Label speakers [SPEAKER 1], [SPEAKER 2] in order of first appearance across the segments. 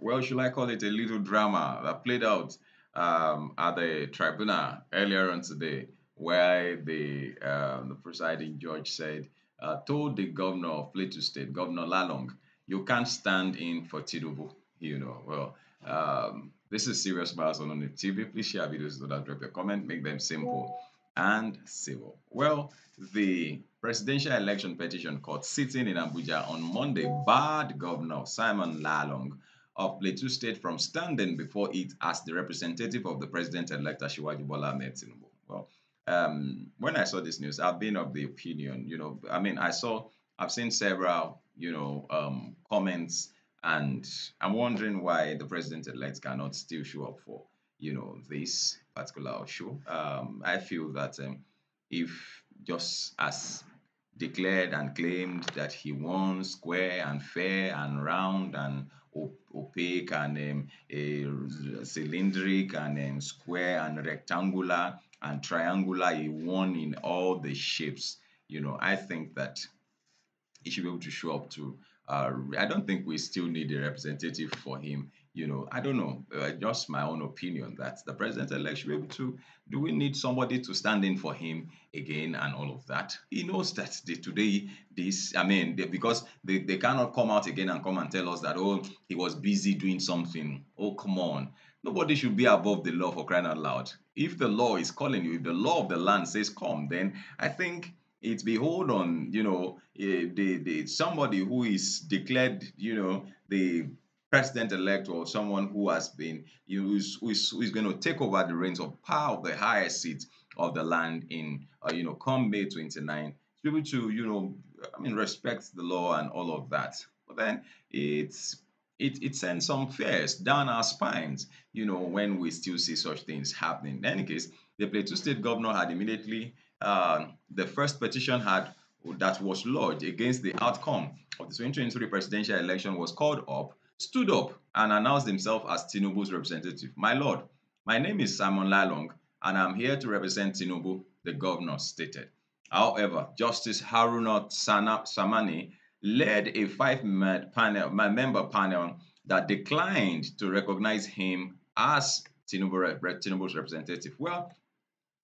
[SPEAKER 1] well, should I call it a little drama that played out um, at the tribunal earlier on today, where the, um, the presiding judge said, uh, told the governor of Plateau State, Governor Lalong, you can't stand in for Tinubu. You know, well, um, this is Serious Matters on the TV. Please share videos, do not drop your comment, make them simple and civil. Well, the presidential election petition court sitting in Abuja on Monday barred Governor Simon Lalong of Plateau State from standing before it as the representative of the president-elect Ashiwaju Bola Ahmed Tinubu. Well, um, when I saw this news, I've been of the opinion, you know, I mean, I saw, I've seen several, you know, um, comments, and I'm wondering why the president-elect cannot still show up for, you know, this particular show. Um, I feel that um, if just as declared and claimed that he won square and fair and round and opaque and um, cylindric and um, square and rectangular and triangular a one in all the shapes you know i think that it should be able to show up to uh, I don't think we still need a representative for him. You know, I don't know. Uh, just my own opinion that the president-elect should be able to. Do we need somebody to stand in for him again and all of that? He knows that the, today this. I mean, they, because they, they cannot come out again and come and tell us that oh he was busy doing something. Oh come on, nobody should be above the law for crying out loud. If the law is calling you, if the law of the land says come, then I think it's hold on you know eh, the, the somebody who is declared you know the president elect or someone who has been who is, who is, who is going to take over the reins of power of the highest seat of the land in uh, you know come May 29 to be able to you know I mean respect the law and all of that but then it's it, it sends some fears down our spines, you know, when we still see such things happening. In any case, the Plateau State governor had immediately um, the first petition had that was lodged against the outcome of the 2023 presidential election was called up, stood up, and announced himself as Tinubu's representative. My lord, my name is Simon Lalong, and I'm here to represent Tinubu, the governor stated. However, Justice Haruna Samani led a five-member panel that declined to recognize him as Tinubu's representative. Well,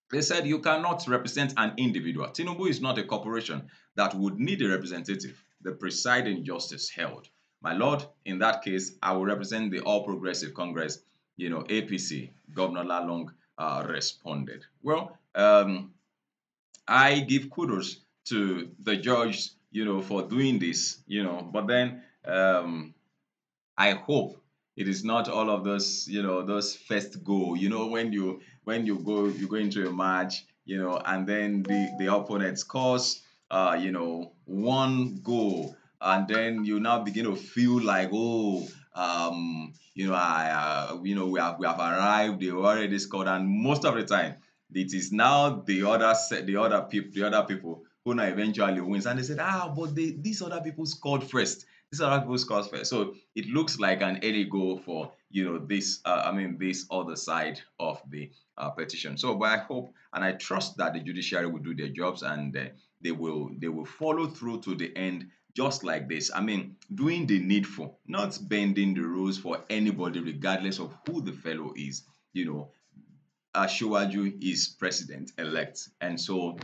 [SPEAKER 1] they said you cannot represent an individual. Tinubu is not a corporation that would need a representative, the presiding justice held. My lord, in that case, I will represent the All Progressive Congress, you know, APC. Governor Lalong uh, responded. Well, um, I give kudos to the judge, you know, for doing this, you know, but then um, I hope it is not all of those you know those first goal you know when you when you go you go into a match you know and then the the opponent scores uh you know one goal and then you now begin to feel like oh um you know i uh, you know we have we have arrived they already scored and most of the time it is now the other set the other people the other people who now eventually wins and they said ah but they, these other people scored first these are Goals crossfire. So it looks like an early goal for you know this. Uh, I mean this other side of the uh, petition. So, but I hope and I trust that the judiciary will do their jobs and uh, they will they will follow through to the end, just like this. I mean, doing the needful, not bending the rules for anybody, regardless of who the fellow is. You know, Ashwaju is president elect, and so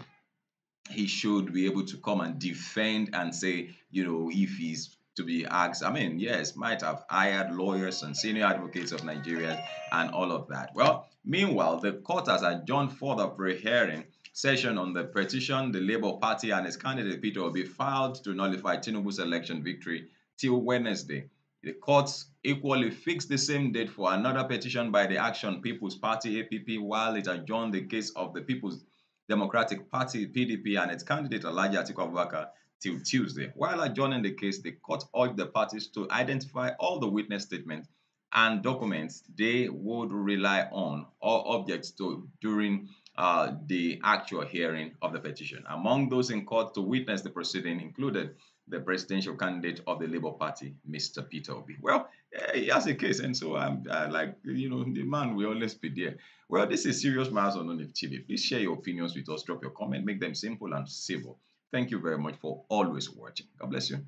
[SPEAKER 1] he should be able to come and defend and say, you know, if he's to be asked. I mean, yes, might have hired lawyers and senior advocates of Nigeria and all of that. Well, meanwhile, the court has adjourned for the pre-hearing session on the petition the Labour Party and its candidate Peter will be filed to nullify Tinubu's election victory till Wednesday. The courts equally fixed the same date for another petition by the Action People's Party APP while it adjourned the case of the People's Democratic Party PDP and its candidate Elijah Atiku Abubakar till Tuesday. While adjourning the case, the court urged the parties to identify all the witness statements and documents they would rely on or objects to during uh, the actual hearing of the petition. Among those in court to witness the proceeding included the presidential candidate of the Labour Party, Mr. Peter Obi. Well, eh, he has a case, and so I'm um, I uh, like, you know, the man will always be there. Well, this is Serious Matters on Unif TV. Please share your opinions with us, drop your comment, make them simple and civil. Thank you very much for always watching. God bless you.